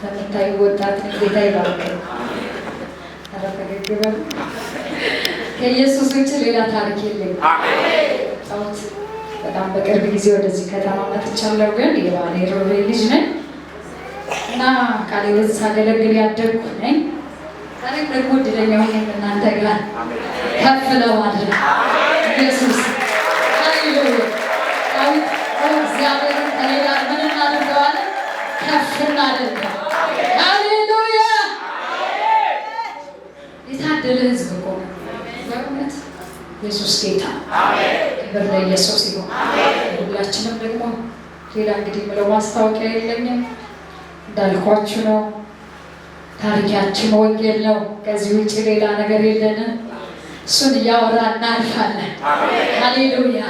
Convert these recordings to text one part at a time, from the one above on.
ከምታዩ ወጣት ጌታ ይባርክ። ኧረ ፈገግ በል። ከኢየሱስ ውጭ ሌላ ታሪክ የለኝም። ጣውት በጣም በቅርብ ጊዜ ወደዚህ ከተማ መጥቻለሁ፣ ግን የባሌ ሮቤ ልጅ ነኝ እና ቃሌ በዚህ ሳገለግል ያደግኩ ነኝ። ታሪክ ደግሞ እድለኛ ሆኜ እናንተ ጋር ከፍ ለማድረግ ኢየሱስ እግዚአብሔርን ከሌላ ምን አድርገዋለን ከፍ እናድርግ ኢየሱስ ጌታ ክብር ለኢየሱስ ይሁን። ሁላችንም ደግሞ ሌላ እንግዲህ የምለው ማስታወቂያ የለኝም። እንዳልኳችሁ ነው። ታሪካችን ወንጌል ነው። ከዚህ ውጭ ሌላ ነገር የለንም። እሱን እያወራ እናልፋለን። ሃሌሉያ።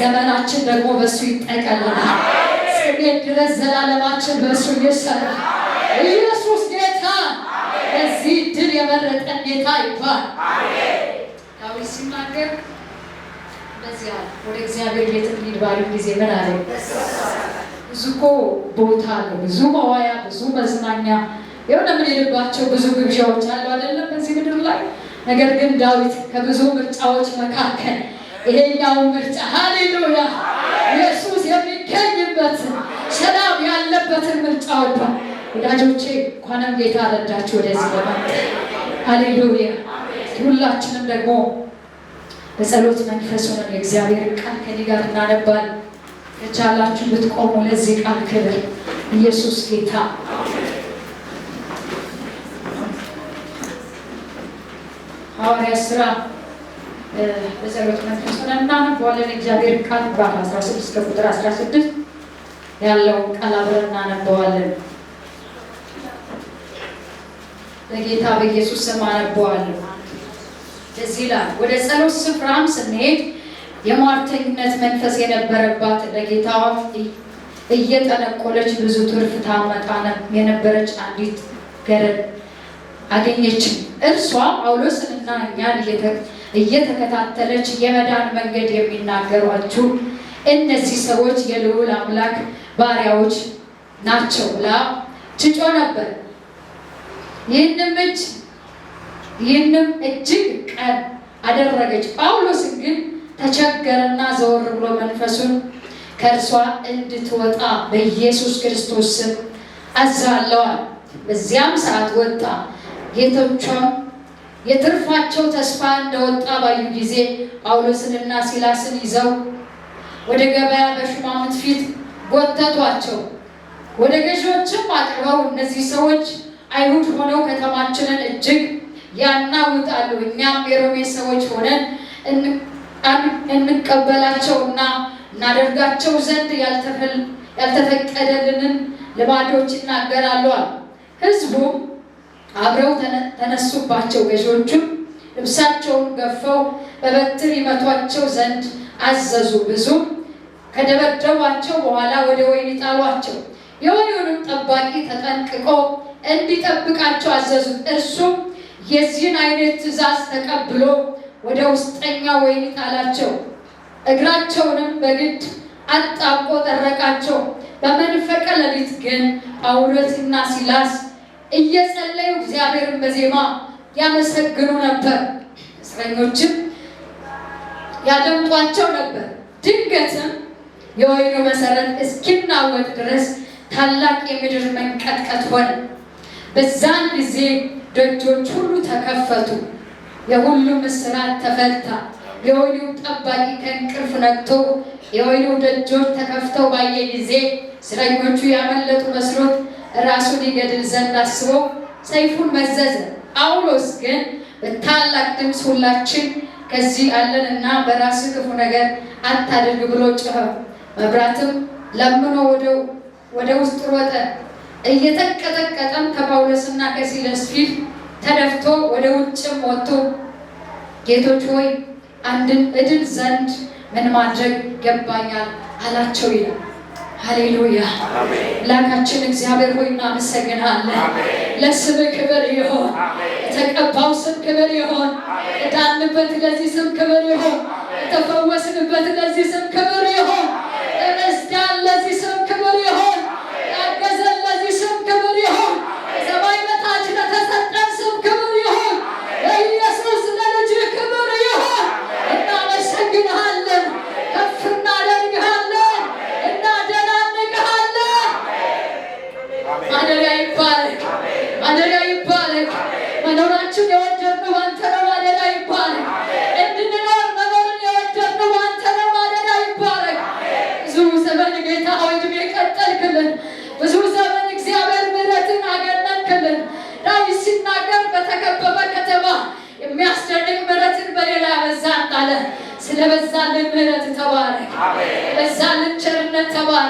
ዘመናችን ደግሞ በእሱ ይጠቀልል። እስክንሄድ ድረስ ዘላለማችን በእሱ እየሰራ ኢየሱስ ጌታ፣ በዚህ ድል የመረጠን ጌታ ይባል። ወደ እግዚአብሔር ቤት እንሂድ ባሉ ጊዜ ምን አለ? ብዙ እኮ ቦታ አለ፣ ብዙ መዋያ፣ ብዙ መዝናኛ፣ የሆነ የምንሄድባቸው ብዙ ግብዣዎች አሉ አይደለም በዚህ ምድር ላይ። ነገር ግን ዳዊት ከብዙ ምርጫዎች መካከል ይሄኛውን ምርጫ ሀሌሉያ ኢየሱስ የሚገኝበት ሰላም ያለበትን ምርጫ ወዳ ወዳጆቼ፣ እንኳንም ጌታ ረዳችሁ ወደዚህ ለመ ሃሌሉያ። ሁላችንም ደግሞ በጸሎት መንፈስ ሆነን የእግዚአብሔር ቃል ከኔ ጋር እናነባል። ከቻላችሁ ብትቆሙ ለዚህ ቃል ክብር ኢየሱስ ጌታ ሐዋርያ ስራ በጸሎት መንፈስ ሆነን እናነባዋለን። እግዚአብሔር ቃል ባፍ 16 ከቁጥር 16 ያለውን ቃል አብረን እናነባዋለን። በጌታ በኢየሱስ ስም አነበዋለሁ። እንደዚህ ይላል። ወደ ጸሎት ስፍራም ስንሄድ የሟርተኝነት መንፈስ የነበረባት ለጌታ እየጠነቆለች ብዙ ትርፍ ታመጣ የነበረች አንዲት ገረድ አገኘችም። እርሷ ጳውሎስንና እኛን እየተከታተለች የመዳን መንገድ የሚናገሯችሁ እነዚህ ሰዎች የልዑል አምላክ ባሪያዎች ናቸው ብላ ትጮ ነበር። ይህንም እጅ ይህንም እጅግ ቀን አደረገች። ጳውሎስ ግን ተቸገረና ዘወር ብሎ መንፈሱን ከእርሷ እንድትወጣ በኢየሱስ ክርስቶስ ስም አዛለዋል። በዚያም ሰዓት ወጣ። ጌቶቿም የትርፋቸው ተስፋ እንደወጣ ባዩ ጊዜ ጳውሎስንና ሲላስን ይዘው ወደ ገበያ በሹማምንት ፊት ጎተቷቸው። ወደ ገዢዎችም አቅርበው እነዚህ ሰዎች አይሁድ ሆነው ከተማችንን እጅግ ያናውጣሉ። እኛም የሮሜ ሰዎች ሆነን እንቀበላቸውና እናደርጋቸው ዘንድ ያልተፈቀደልንን ልማዶች ይናገራሉ። ህዝቡ አብረው ተነሱባቸው። ገዢዎቹ ልብሳቸውን ገፈው በበትር ይመቷቸው ዘንድ አዘዙ። ብዙ ከደበደቧቸው በኋላ ወደ ወይን ጣሏቸው። የወኅኒውንም ጠባቂ ተጠንቅቆ እንዲጠብቃቸው አዘዙት። እርሱም የዚህን አይነት ትእዛዝ ተቀብሎ ወደ ውስጠኛ ወይን ጣላቸው። እግራቸውንም በግድ አጣብቆ ጠረቃቸው። በመንፈቀ ሌሊት ግን ጳውሎስና ሲላስ እየጸለዩ እግዚአብሔርን በዜማ ያመሰግኑ ነበር፣ እስረኞችም ያደምጧቸው ነበር። ድንገትም የወህኒው መሰረት እስኪናወጥ ድረስ ታላቅ የምድር መንቀጥቀጥ ሆነ። በዛን ጊዜ ደጆች ሁሉ ተከፈቱ። የሁሉም እስራት ተፈታ። የወይኑ ጠባቂ ከእንቅልፍ ነቅቶ የወይኑ ደጆች ተከፍተው ባየ ጊዜ እስረኞቹ ያመለጡ መስሎት ራሱን ይገድል ዘንድ አስቦ ሰይፉን መዘዘ። ጳውሎስ ግን በታላቅ ድምፅ ሁላችን ከዚህ አለን እና በራስ ክፉ ነገር አታድርግ ብሎ ጮኸ። መብራትም ለምኖ ወደ ውስጥ ሮጠ። እየተቀጠቀጠም ከጳውሎስና ከሲላስ ፊት ተደፍቶ ወደ ውጭም ወጥቶ ጌቶች ሆይ አንድን እድል ዘንድ ምን ማድረግ ገባኛል አላቸው ይላል። ሃሌሉያ ላካችን እግዚአብሔር ሆይ እናመሰግናለን። ለስም ክብር ይሆን፣ የተቀባው ስም ክብር ይሆን፣ የዳንበት ለዚህ ስም ክብር ይሆን፣ የተፈወስንበት ለዚህ ስም ክብር ይሆን፣ እመስዳን ለዚህ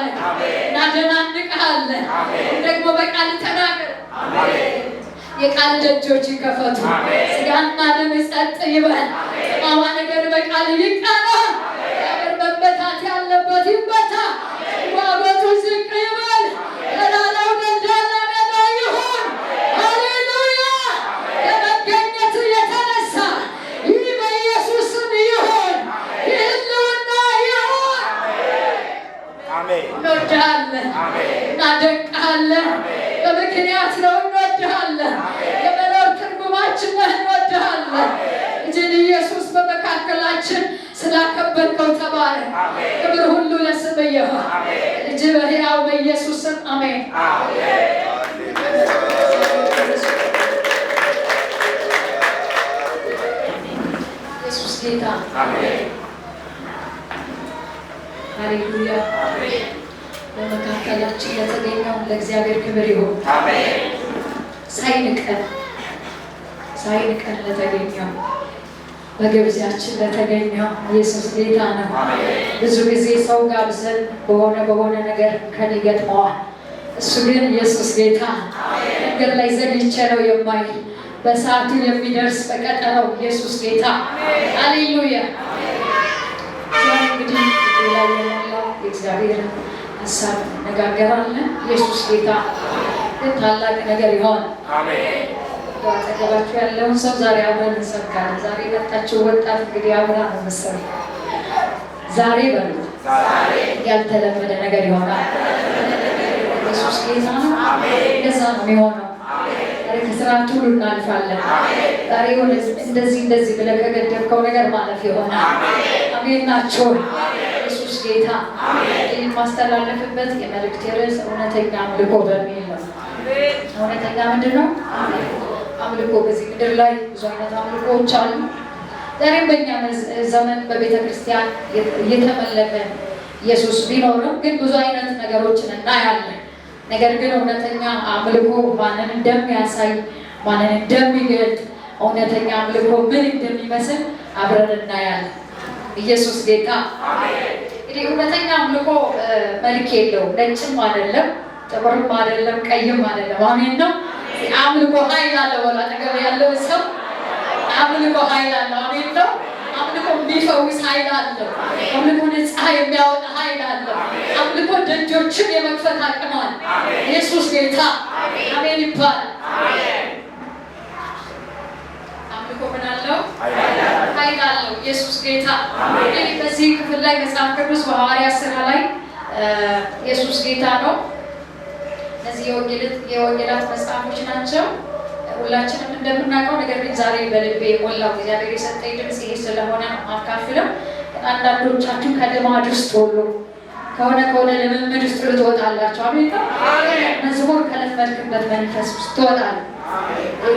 እንገዛለን፣ እናደናንቅሃለን። ደግሞ በቃል ተናገር። የቃል ደጆች ይከፈቱ፣ ስጋና ደም ጸጥ ይበል። ጠማማ ነገር በቃል ይቃል እንወድሃለን፣ እናደንቅሃለን። በምክንያት ነው እንወድሃለን። የመኖር ትርጉማችን ነህ፣ እንወድሃለን። እጅን ኢየሱስ በመካከላችን ስላከበርከው ተባረክ። ክብር ሁሉ ለስምህ ይሁን። እጅ በሕያው በኢየሱስም አሜን። ኢየሱስ ጌታ፣ ሃሌሉያ በመካከላችን ለተገኘው ለእግዚአብሔር ክብር ይሁን። ሳይንቀን ሳይንቀን ለተገኘው በግብዣችን ለተገኘው ኢየሱስ ጌታ ነው። ብዙ ጊዜ ሰው ጋብዘን በሆነ በሆነ ነገር ከኔ ገጥመዋል እሱ ግን ኢየሱስ ጌታ ነገር ላይ ዘግቼ ነው የማይ በሰዓቱ የሚደርስ በቀጠለው ኢየሱስ ጌታ። አሌሉያ። እንግዲህ ላይ የሞላ እግዚአብሔር ሀሳብ እንነጋገራለን። ኢየሱስ ጌታ ግን ታላቅ ነገር ይሆን። አጠገባችሁ ያለውን ሰው ዛሬ አብረን እንሰብካለን። ዛሬ የመጣችሁ ወጣት እንግዲህ አብራ ነው ዛሬ በሉ ያልተለመደ ነገር ይሆናል። ኢየሱስ ጌታ እንደዛ ነው የሚሆነው። ዛሬ ሁሉ እናልፋለን። ዛሬ እንደዚህ እንደዚህ ብለህ ከገደብከው ነገር ማለፍ ይሆናል። አሜን ናቸው። ኢየሱስ ጌታ የማስተላለፍበት የመልእክት ርዕስ እውነተኛ አምልኮ በሚል ነው። እውነተኛ ምንድን ነው አምልኮ? በዚህ ምድር ላይ ብዙ አይነት አምልኮዎች አሉ። ዛሬም በእኛ ዘመን በቤተ ክርስቲያን እየተመለከ ኢየሱስ ቢኖርም ግን ብዙ አይነት ነገሮችን እናያለን። ነገር ግን እውነተኛ አምልኮ ማንን እንደሚያሳይ ማንን እንደሚገልጥ እውነተኛ አምልኮ ምን እንደሚመስል አብረን እናያለን። ኢየሱስ ጌታ እውነተኛም ልኮ መልክ የለውም። ነጭም አይደለም፣ ጥቁርም አይደለም፣ ቀይም አይደለም። አሜን ነው። አምልኮ ኃይል አለ ወላ ነገር ያለው ሰው አምልኮ ኃይል አለ። አሜን ነው። አምልኮ የሚፈውስ ኃይል አለ። አምልኮ ነፃ የሚያወጣ ኃይል አለ። አምልኮ ደጆችን የመክፈት አቅም አለው። ኢየሱስ ጌታ አሜን ይባላል። እኮ ምን አለው ኃይል አለው ኢየሱስ ጌታ። እንግዲህ በዚህ ክፍል ላይ መጽሐፍ ቅዱስ በሐዋርያ ስራ ላይ ኢየሱስ ጌታ ነው። እነዚህ የወንጌላት መጽሐፎች ናቸው። ሁላችንም እንደምናውቀው ነገር ግን ዛሬ በልቤ የሞላው እግዚአብሔር የሰጠኝ ድምፅ ይሄ ስለሆነ ነው አንዳንዶቻችሁ ከልማድ ውስጥ ሁሉ ከሆነ ከሆነ ልምምድ ውስጥ ትወጣላችሁ። አሜን። መዝሙር ከለመድክበት መንፈስ ውስጥ ትወጣለህ።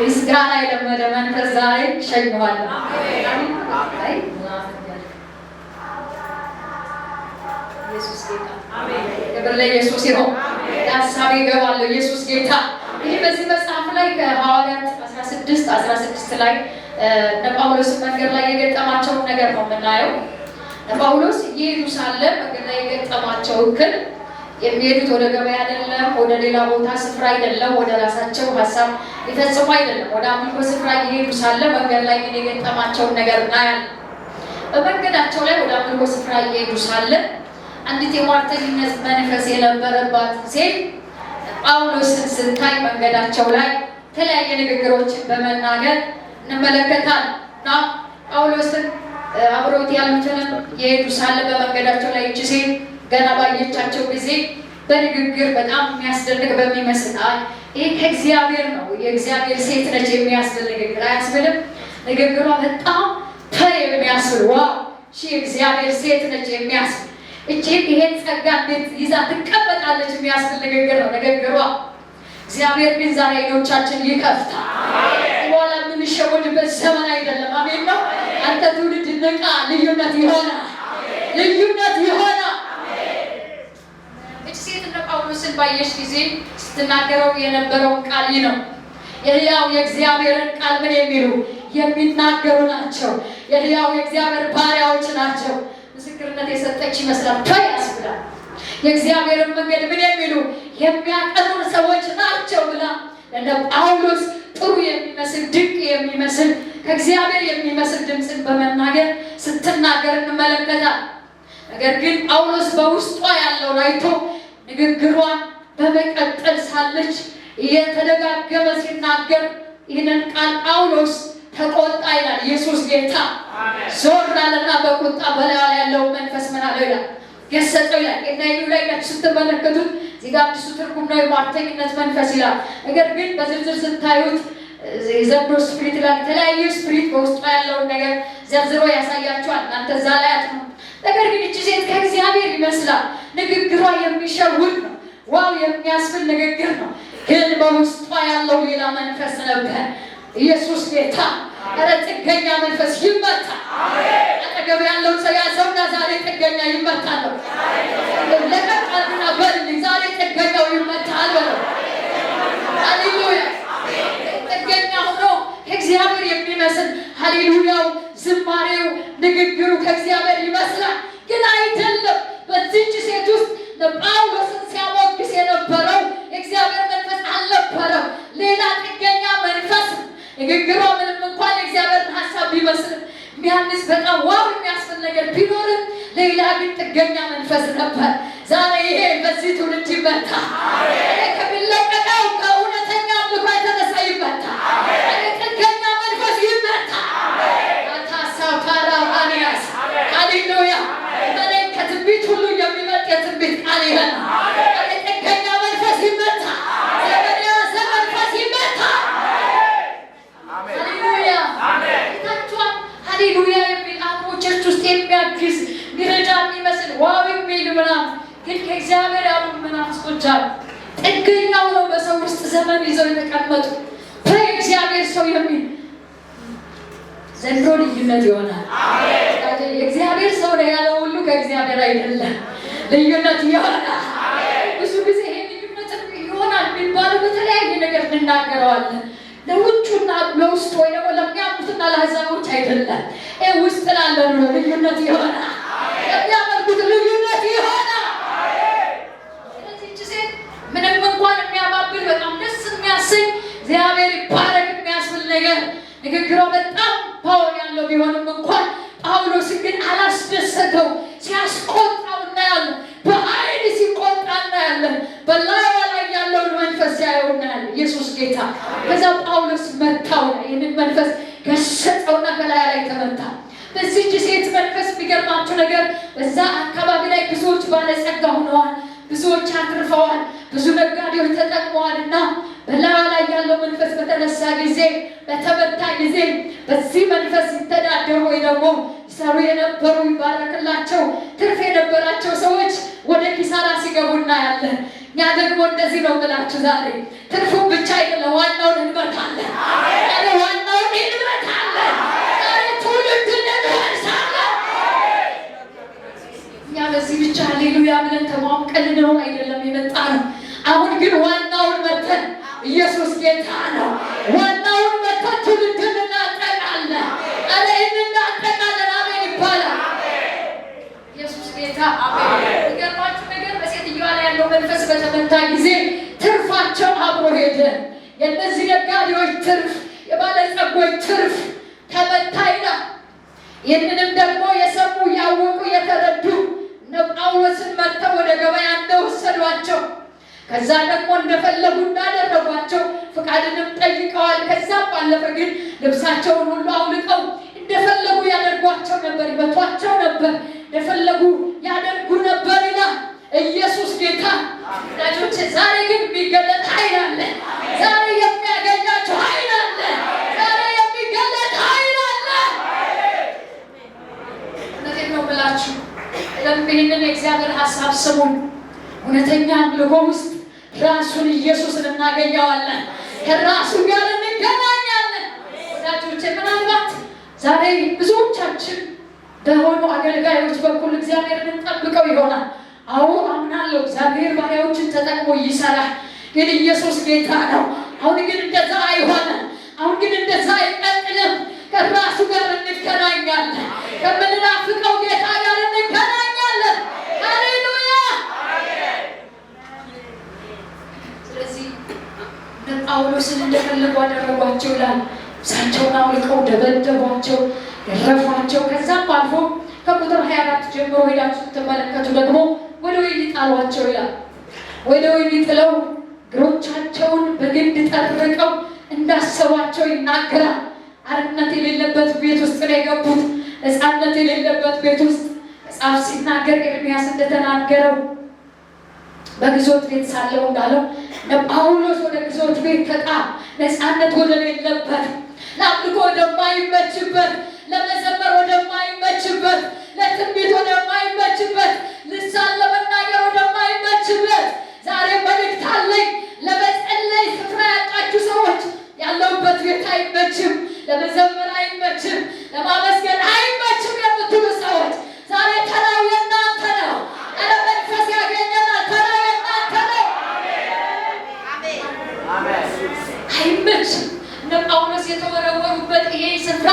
ምስጋና የለመደ መንፈስ ዛሬ ሸኝኋለሁ። ክብር ለኢየሱስ ይሁን። ሀሳቤ እገባለሁ። ኢየሱስ ጌታ። ይህ በዚህ መጽሐፍ ላይ ከሐዋርያት 16 16 ላይ እነ ጳውሎስ መንገድ ላይ የገጠማቸውን ነገር ነው የምናየው። ጳውሎስ እየሄዱ ሳለ መንገድ ላይ የገጠማቸው እክል የሚሄዱት ወደ ገበያ አይደለም፣ ወደ ሌላ ቦታ ስፍራ አይደለም፣ ወደ ራሳቸው ሀሳብ የተጽፎ አይደለም። ወደ አምልኮ ስፍራ እየሄዱ ሳለ መንገድ ላይ ምን የገጠማቸውን ነገር እናያለን። በመንገዳቸው ላይ ወደ አምልኮ ስፍራ እየሄዱ ሳለ አንዲት የሟርተኝነት መንፈስ የነበረባት ሴት ጳውሎስን ስታይ መንገዳቸው ላይ የተለያየ ንግግሮችን በመናገር እንመለከታል እና ጳውሎስን አብሮት ያሉትንም የሄዱ ሳለ በመንገዳቸው ላይ እች ሴት ገና ባየቻቸው ጊዜ በንግግር በጣም የሚያስደንቅ በሚመስል አይ ይህ ከእግዚአብሔር ነው የእግዚአብሔር ሴት ነች የሚያስብል ንግግር አያስብልም። ንግግሯ በጣም ተ የሚያስብል ዋ ሺ እግዚአብሔር ሴት ነች የሚያስብል እቺ ይሄን ጸጋ እንዴት ይዛ ትቀበጣለች የሚያስብል ንግግር ነው ንግግሯ። እግዚአብሔር ግን ዛሬ አይኖቻችን ይከፍታ። በኋላ የምንሸወድበት ዘመን አይደለም። አሜን ነው። አንተ ትውልድ ንቃ። ልዩነት ይሆናል። ልዩነት ይሆናል። እች ሴት እነ ጳውሎስን ባየች ጊዜ ስትናገረው የነበረውን ቃል ይህ ነው። የሕያው የእግዚአብሔርን ቃል ምን የሚሉ የሚናገሩ ናቸው። የሕያው የእግዚአብሔር ባሪያዎች ናቸው። ምስክርነት የሰጠች ይመስላል። ታይ ያስብላል። የእግዚአብሔርን መንገድ ምን የሚሉ የሚያቀኑን ሰዎች ናቸው ብላ ለእነ ጳውሎስ ጥሩ የሚመስል ድንቅ የሚመስል ከእግዚአብሔር የሚመስል ድምፅን በመናገር ስትናገር እንመለከታል። ነገር ግን ጳውሎስ በውስጧ ያለውን አይቶ ንግግሯን በመቀጠል ሳለች እየተደጋገመ ሲናገር ይህንን ቃል ጳውሎስ ተቆጣ ይላል። ኢየሱስ ጌታ ዞር አለና በቁጣ በላዩ ላይ መንፈስ ምን አለው ይላል ገሰጠው ይላል። እና ይሉ ላይ ስትመለከቱት እዚህ ጋ አዲሱ ትርጉም ነው የሟርተኝነት መንፈስ ይላል። ነገር ግን በዝርዝር ስታዩት የዘንዶ ስፕሪት ላይ የተለያዩ ስፕሪት በውስጡ ያለውን ነገር ዘርዝሮ ያሳያቸዋል። እናንተ እዛ ላይ አጥ ነገር ግን እቺ ሴት ከእግዚአብሔር ይመስላል። ንግግሯ የሚሸውድ ነው። ዋው የሚያስብል ንግግር ነው። ግን በውስጧ ያለው ሌላ መንፈስ ነበር። ኢየሱስ ጌታ። ኧረ ጥገኛ መንፈስ ይመታ። አጠገብ ያለው ሰው ያዘውና ዛሬ ጥገኛ ይመታለሁ። ለቀቃልና በል ዛሬ ጥገኛው ይመታል በለው። ሃሌሉያ እግዚአብሔር የሚመስል ሀሌሉያው፣ ዝማሬው፣ ንግግሩ ከእግዚአብሔር ይመስላል፣ ግን አይደለም። በዚህች ሴት ውስጥ ጳውሎስን ሲያሞግስ የነበረው የእግዚአብሔር መንፈስ አልነበረም፣ ሌላ ጥገኛ መንፈስ። ንግግሯ ምንም እንኳን የእግዚአብሔርን ሀሳብ ቢመስልም ሚያንስ በጣም ዋው የሚያስብል ነገር ቢኖርም ሌላ ግን ጥገኛ መንፈስ ነበር። ዛሬ ይሄ በዚህ ትውልድ ይመታ ከሚለቀቀው ከእውነተኛ ልኳ የተነሳ ይመታ። ሃሌሉያ! በተለይ ከትንቢት ሁሉ የሚበልጥ የትንቢት ቃል ይሄ ነው። የጥገኛ መንፈስ ይመታ፣ የበደያሰ መንፈስ ይመታ። ሃሌሉያ! ታችኋል። ሃሌሉያ የሚል አቅሞቻች ውስጥ የሚያግዝ ሚረዳ የሚመስል ዋው የሚል ምናምን ግን ከእግዚአብሔር ያሉ መናፍስቶች አሉ። ጥገኛ ሆነው በሰው ውስጥ ዘመን ይዘው የተቀመጡ እግዚአብሔር ሰው የሚል ዘንድሮ ልዩነት ይሆናል። እግዚአብሔር ሰው ነው ያለው ሁሉ ከእግዚአብሔር አይደለም። ልዩነት ይሆናል። ብዙ ጊዜ ይሄ ልዩነት ይሆናል የሚባለው በተለያየ ነገር እንናገረዋለን። ለውጩና ለውስጡ ወይ ደግሞ ለሚያምኑትና ለአሕዛቦች አይደለም። ይሄ ውስጥ ላለ ነው ልዩነት ይሆናል። የሚያመልኩት ልዩነት ይሆናል። ስለዚህ ሴት ምንም እንኳን የሚያባብል በጣም ደስ የሚያሰኝ እግዚአብሔር ይባረክ የሚያስብል ነገር ንግግሯ በጣም ፓወር ያለው ቢሆንም እንኳን ጳውሎስ ግን አላስደሰተው። ሲያስቆጣው እናያለን። በኃይል ሲቆጣ እናያለን። በላዩ ላይ ያለውን መንፈስ ሲያየው እናያለን። ኢየሱስ ጌታ። ከዛ ጳውሎስ መታው፣ ይህንን መንፈስ ገሰጠውና በላዩ ላይ ተመታ። በዚህች ሴት መንፈስ የሚገርማችሁ ነገር በዛ አካባቢ ላይ ብዙዎች ባለጸጋ ሆነዋል። ብዙዎች አትርፈዋል፣ ብዙ ነጋዴዎች ተጠቅመዋልና በላዩ ላይ ያለው መንፈስ በተነሳ ጊዜ በተመታ ጊዜ በዚህ መንፈስ ይተዳደሩ ወይ ደግሞ ይሰሩ የነበሩ ይባረክላቸው፣ ትርፍ የነበራቸው ሰዎች ወደ ኪሳራ ሲገቡ እናያለን። እኛ ደግሞ እንደዚህ ነው የምላችሁ ዛሬ ትርፉን ብቻ አይደለም ዋናውን እንመታለን፣ ዋናውን እንመታለን። እኛ በዚህ ብቻ ሃሌሉያ ብለን ተሟሙቀን ነው አይደለም የመጣ ነው። አሁን ግን ዋናውን መተን ኢየሱስ ጌታ ነው። ዋናውን መተን ትውልድን እናጠቃለን። አረ እናጠቃለን። አሜን ይባላል። ኢየሱስ ጌታ አሜን። የሚገርማችሁ ነገር በሴትዮዋ ላይ ያለው መንፈስ በተመታ ጊዜ ትርፋቸው አብሮ ሄደ። የእነዚህ ነጋዴዎች ትርፍ፣ የባለጸጎች ትርፍ ተመታ ይላል ይህንንም ደግሞ የሰሙ ያወቁ የተረዱ እነ ጳውሎስን መጥተው ወደ ገበያ እንደወሰዷቸው ከዛ ደግሞ እንደፈለጉ እንዳደረጓቸው ፍቃድንም ጠይቀዋል። ከዛም ባለፈ ግን ልብሳቸውን ሁሉ አውልቀው እንደፈለጉ ያደርጓቸው ነበር፣ ይመቷቸው ነበር፣ እንደፈለጉ ያደርጉ ነበር ይላል ኢየሱስ ጌታ። ዛሬ ግን የሚገለጥ ኃይል አለ። ዛሬ የሚያገኛቸው ኃይል አለ። ይህንን የእግዚአብሔር ሀሳብ ስሙን። እውነተኛ አምልኮ ውስጥ ራሱን ኢየሱስን እናገኘዋለን። ከራሱ ጋር እንገናኛለን። ወዳጆቼ ምናልባት ዛሬ ብዙዎቻችን በሆኑ አገልጋዮች በኩል እግዚአብሔርን እንጠብቀው ይሆናል። አዎ አምናለሁ፣ እግዚአብሔር ባሪያዎችን ተጠቅሞ ይሰራል። ግን ኢየሱስ ጌታ ነው። አሁን ግን እንደዛ አይሆንም። አሁን ግን እንደዛ አይቀጥልም። ከራሱ ጋር እንገናኛለን ከምንናፍቀው ጌታ ጳውሎስን እንደፈለጉ አደረጓቸው ይላል። ሳቸውን አውልቀው ደበደቧቸው፣ ገረፏቸው። ከዛም አልፎ ከቁጥር 24 አራት ጀምሮ ሄዳችሁ ስትመለከቱ ደግሞ ወደ ወይ ሊጣሏቸው ይላል። ወደ ወይ ጥለው እግሮቻቸውን በግንድ ጠርቀው እንዳሰቧቸው ይናገራል። አርነት የሌለበት ቤት ውስጥ ነው የገቡት። ሕፃንነት የሌለበት ቤት ውስጥ መጽሐፍ ሲናገር ኤርሚያስ እንደተናገረው በግዞት ቤት ሳለው እንዳለው ለጳውሎስ ወደ ግዞት ቤት ተጣ ነፃነት ወደሌለበት ለአምልኮ ወደማይመችበት ለመዘመር ወደማይመችበት ለትንቢት ወደማይመችበት ልሳን ለመናገር ወደማይመችበት ዛሬ መልእክት አለኝ። ለመጸለይ ስፍራ ያጣችሁ ሰዎች ያለውበት ቤት አይመችም፣ ለመዘመር አይመችም፣ ለማመስገን አይመችም የምትሉ ሰዎች ዛሬ ተራዊ ጳውሎስ የተወረወሩበት ይሄ ስፍራ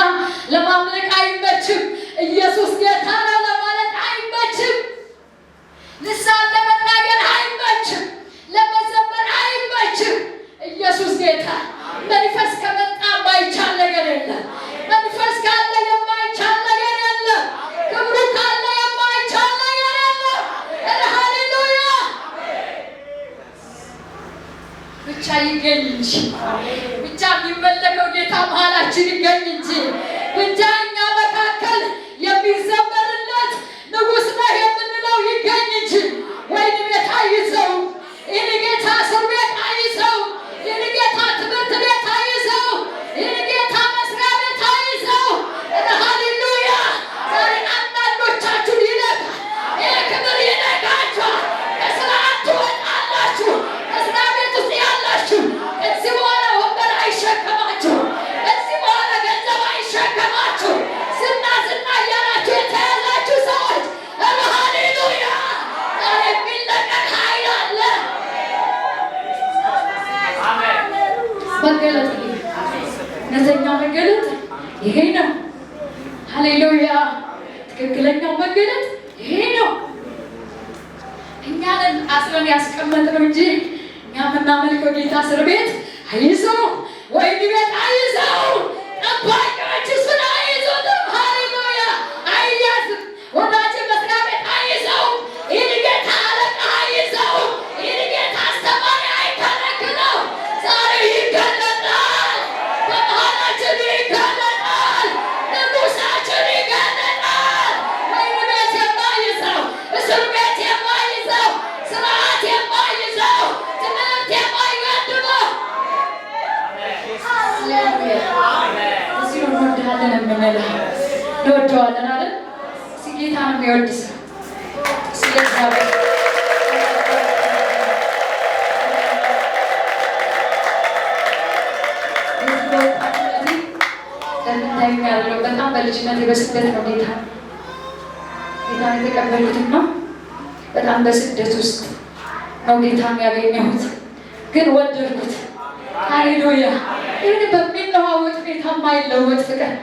ለማምለክ አይመችም። ኢየሱስ ጌታ ነው ለማለት አይመችም። ልሳለ መለ እንወደዋለን አለን። ጌታን የሚወድ ሰው ያለው በጣም በልጅነት በስደት ነው ጌታ ጌታን የተቀበልኩትና በጣም በስደት ውስጥ ነው ጌታን ያገኘሁት፣ ግን ወደድኩት። ሃሌሉያ! ይህን በሚለዋወጥ ጌታ የማይለወጥ ፍቅር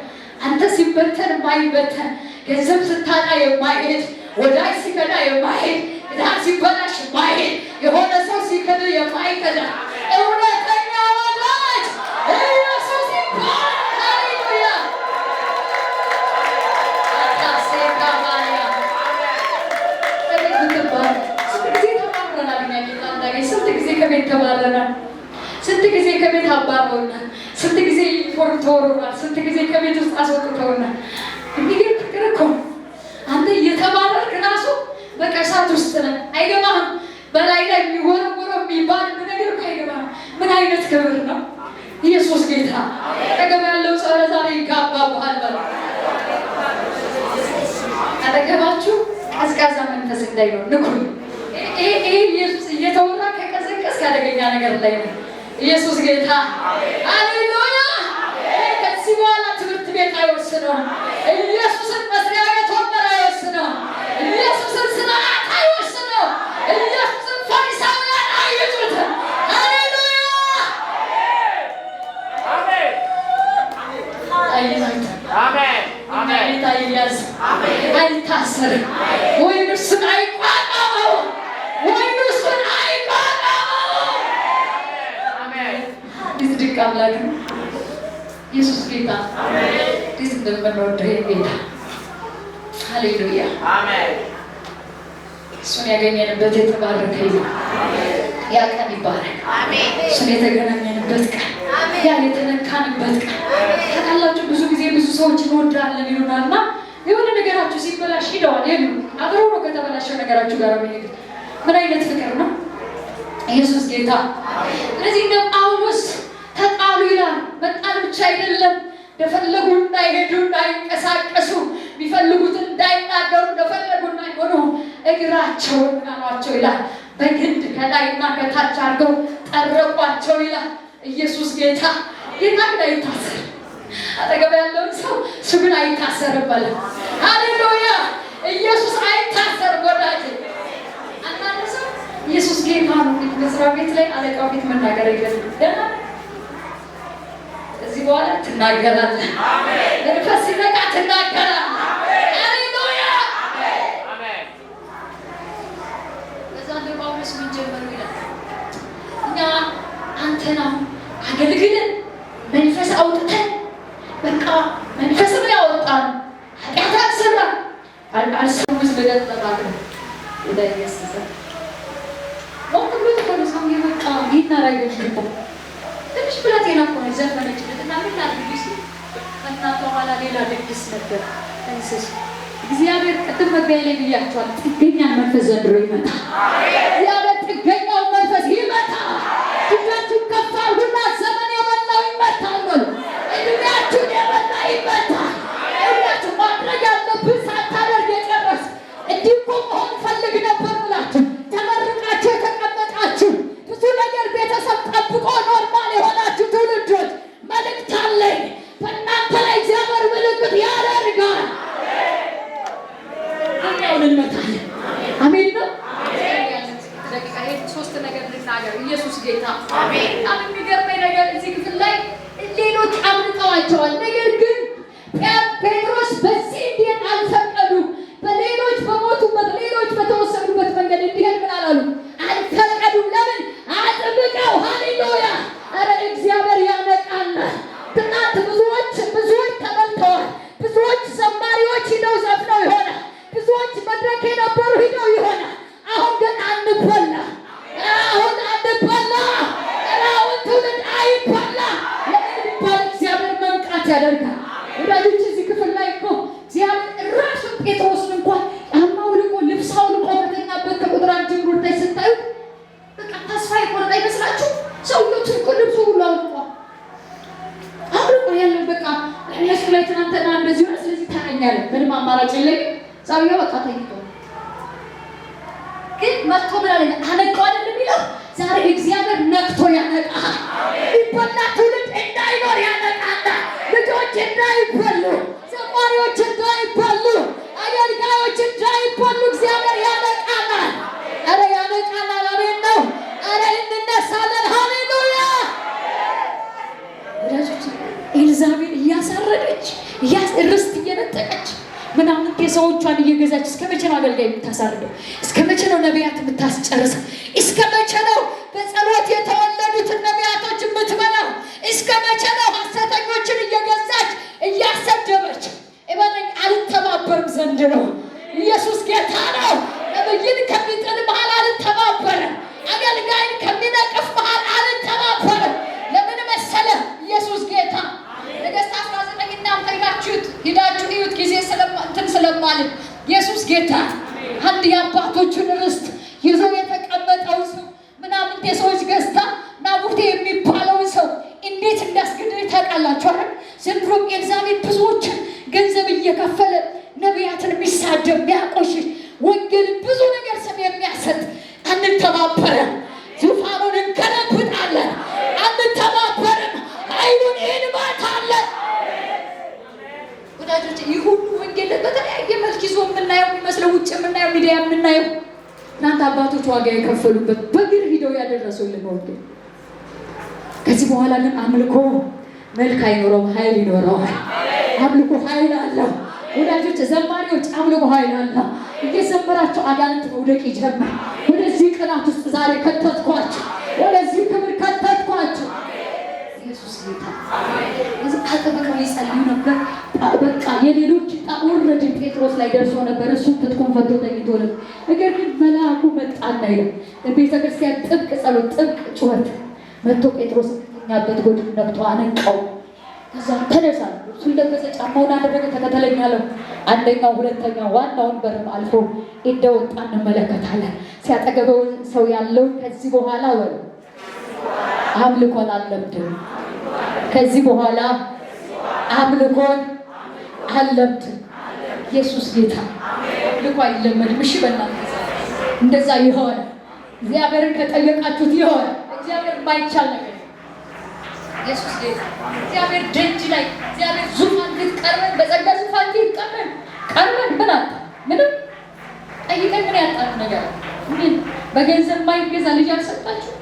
አንተ ሲበተን የማይበተን ገንዘብ ስታጣ የማይሄድ ወዳጅ ሲከዳ የማይሄድ ዳ ሲበላሽ የማይሄድ የሆነ ሰው ሲከዳ የማይከዳ የምንወደው የጌታ ሃሌሉያ እሱን ያገኘንበት የተባረከ ያ ቀን ይባላል። እሱን የተገናኘንበት ቀን፣ ያን የተነካንበት ቀን ታውቃላችሁ። ብዙ ጊዜ ብዙ ሰዎች እንወዳለን ይሉናል እና የሆነ ነገራችሁ ሲበላሽ ሂደዋል የሉ አብሮ ነው ከተበላሸው ነገራችሁ ጋር ምን አይነት ፍቅር ነው! ኢየሱስ ጌታ። ስለዚህ እንደ ጳውሎስ ተጣሉ ይላል። መጣል ብቻ አይደለም እንደፈለጉ እንዳይሄዱ፣ እንዳይንቀሳቀሱ፣ የሚፈልጉት እንዳይናገሩ፣ እንደፈለጉ እንዳይሆኑ እግራቸውን ናሏቸው ይላል። በግንድ ከላይና ከታች አድርገው ጠረቋቸው ይላል። ኢየሱስ ጌታ ጌታ ግን አይታሰር። አጠገብ ያለውን ሰው ስምን አይታሰርም በለ። ሃሌሉያ! ኢየሱስ አይታሰርም ወዳጅ። አንዳንድ ሰው ኢየሱስ ጌታ ነው። መስሪያ ቤት ላይ አለቃው ቤት መናገር አይገርም ደህና እዚህ በኋላ ትናገራለህ። መንፈስ ሲነቃ ትናገራለህ። ሃሌሉያ። እዛ እንደ ጳውሎስ ምን ጀመሩ ይላል እኛ አንተን አሁን አገልግለን መንፈስ አውጥተን በቃ መንፈስም ያወጣን ኃጢአት አልሰራ አልሰሙዝ ብለን ጠራለን ወደ ኢየሱስ ሞት ብሎ ተፈለሰው የበቃ ይናረገ ትንሽ ብላቴና እኮ ነው ዘፈነችለት እና ምን ከእናቷ ኋላ ሌላ ድግስ ነበር እንስስ እግዚአብሔር ቅድም መግቢያ ላይ ብያቸዋል ጥገኛ መንፈስ ዘንድሮ ይመጣል Amen. Amen. ይላል አነቀው አይደል የሚለው ዛሬ እግዚአብሔር ነቅቶ ያነቃ ይበላ ትውልድ እንዳይኖር ያነቃና ልጆች እንዳይበሉ ዘማሪዎች እንዳይበሉ አገልጋዮች እንዳይበሉ እግዚአብሔር ያነቃናል። አረ ያነቃናል። አሜን ነው። አረ እንነሳለን። ሃሌሉያ ኤልዛቤል እያሳረደች ርስት እየነጠቀች ምናምን ሰዎቿን እየገዛች እስከ መቼ ነው አገልጋይ የምታሳርደው? መቼ ነው ነቢያት የምታስጨርሰው? እስከ መቼ ነው በጸሎት የተወለዱትን ነቢያቶች የምትበላው? እስከ መቼ ነው ሐሰተኞችን እየገዛች እያሰደበች? እመነኝ አልተባበርም ዘንድ ነው። ኢየሱስ ጌታ ነው። ነብይን ከሚጥል መሃል አልተባበርም። አገልጋይን ከሚነቅፍ መሃል አልተባበርም። ለምን መሰለ? ኢየሱስ ጌታ ነገስት አስራ ዘጠኝ እናንተ ሄዳችሁት ሂዳችሁ እዩት ጊዜ እንትን ስለማልን ኢየሱስ ጌታ አንድ የአባቶቹን ርስት ይዘው የተቀመጠውን ሰው ምናምን የሰዎች ገዝታ ናቡቴ የሚባለውን ሰው እንዴት እንዳስገደለች ታውቃላችሁ አይደል? ዝም ብዙዎችን ገንዘብ እየከፈለ ነቢያትን የሚሳደብ የሚያቆሽሽ ወንጌልን ብዙ ነገር ስም የሚያሰጥ አንተባበረ ስለ ውጭ የምናየው ሚዲያ የምናየው ትናንት አባቶች ዋጋ የከፈሉበት በግር ሂደው ያደረሱልን ወንድ ከዚህ በኋላ ግን አምልኮ መልክ አይኖረውም፣ ኃይል ይኖረዋል። አምልኮ ኃይል አለው። ወዳጆች ዘማሪዎች፣ አምልኮ ኃይል አለው። እየዘመራችሁ አጋንንት መውደቅ ይጀምር። ወደዚህ ቅናት ውስጥ ዛሬ ከተትኳችሁ፣ ወደዚህ ክብር ከተትኳችሁ። ኢየሱስ ጌታ አጥብቀው ይጸልዩ ነበር። በቃ የሌሎች ዕጣ ወረድን ጴጥሮስ ላይ ደርሶ ነበር። እሱ ትጥቁን ፈቶ ተኝቶ ነበር። ነገር ግን መልአኩ መጣና ይለው ቤተክርስቲያን ጥብቅ ጸሎት፣ ጥብቅ ጩኸት መጥቶ ጴጥሮስ ከተኛበት ጎድን ነብቶ አነቃው። ከዛ ተነሳ፣ እሱን ለበሰ፣ ጫማውን አደረገ፣ ተከተለኝ አንደኛው ሁለተኛ ዋናውን በርም አልፎ እንደወጣ እንመለከታለን። ሲያጠገበው ሰው ያለው ከዚህ በኋላ ወ አምልኮን አልለምድም ከዚህ በኋላ አምልኮን አለብት ኢየሱስ ጌታ ልኮ አይለመድም። እሺ በእናንተ እንደዛ ይሆን እግዚአብሔርን ከጠየቃችሁት ይሆን እግዚአብሔር ማይቻል ነገር ኢየሱስ ጌታ እግዚአብሔር ደጅ ላይ እግዚአብሔር ዙፋን ፊት ቀርበን በጸጋ ዙፋን ፊት ቀርበን ቀርበን ምን ምንም ጠይቀን ምን ያጣት ነገር ምን በገንዘብ ማይገዛ ልጅ አልሰጣችሁ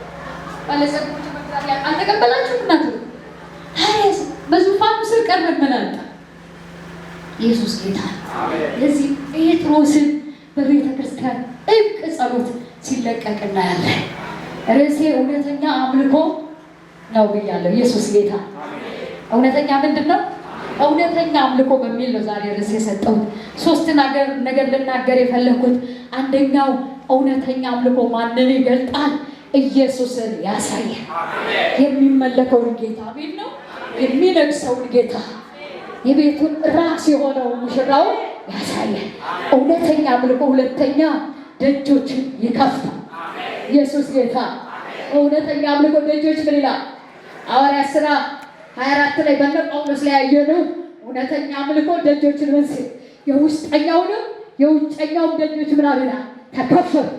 ባለጸጎች መግዛት አልተቀበላችሁ እናት በዙፋኑ ስር ቀርበን ምን አጣ? ኢየሱስ ጌታ ነው። ለዚህ ጴጥሮስን በቤተ ክርስቲያን እብቅ ጸሎት ሲለቀቅ እናያለን። ርዕሴ እውነተኛ አምልኮ ነው ብያለሁ። ኢየሱስ ጌታ እውነተኛ ምንድን ነው? እውነተኛ አምልኮ በሚል ነው ዛሬ ርዕስ የሰጠሁት። ሶስት ነገር ነገር ልናገር የፈለግኩት አንደኛው እውነተኛ አምልኮ ማንን ይገልጣል? ኢየሱስን ያሳያል። የሚመለከውን ጌታ ቤት ነው የሚነግሰውን ጌታ የቤቱን ራስ የሆነውን ሙሽራውን ያሳያል። እውነተኛ አምልኮ ሁለተኛ ደጆችን ይከፍታል። ኢየሱስ ጌታ። እውነተኛ አምልኮ ደጆች ምን ይላል? ሐዋርያት ሥራ ሀያ ላይ በነ ጳውሎስ ላይ ያየነው እውነተኛ አምልኮ ደጆችን ምን ሲል የውስጠኛውንም የውጨኛውን ደጆች ምን አለና ተከፈቱ።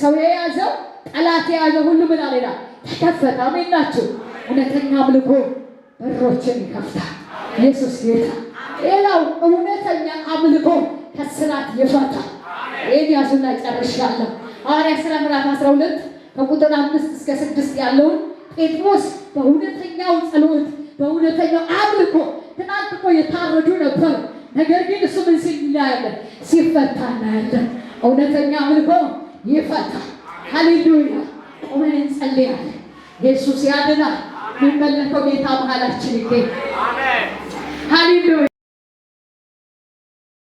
ሰው የያዘው ጠላት የያዘው ሁሉ ምን አለና ተከፈተ። አሜን ናችሁ። እውነተኛ አምልኮ በሮችን ይከፍታል። ኢየሱስ ጌታ። ሌላው እውነተኛ አምልኮ ከስራት ይፈታል። ይህን ያዙና ጨርሻለሁ። ሐዋርያት ሥራ ምዕራፍ 12 ከቁጥር አምስት እስከ ስድስት ያለውን ጴጥሮስ በእውነተኛው ጸሎት በእውነተኛው አምልኮ ትናንት እኮ የታረዱ ነበር። ነገር ግን እሱ ምን ሲል እናያለን? ሲፈታ እናያለን። እውነተኛ አምልኮ ይፈታል። ሃሌሉያ። ቆመን እንጸልያለን። ኢየሱስ ያድናል። የሚመለከው ጌታ መሀላችን ይገኝ። ሃሌሉያ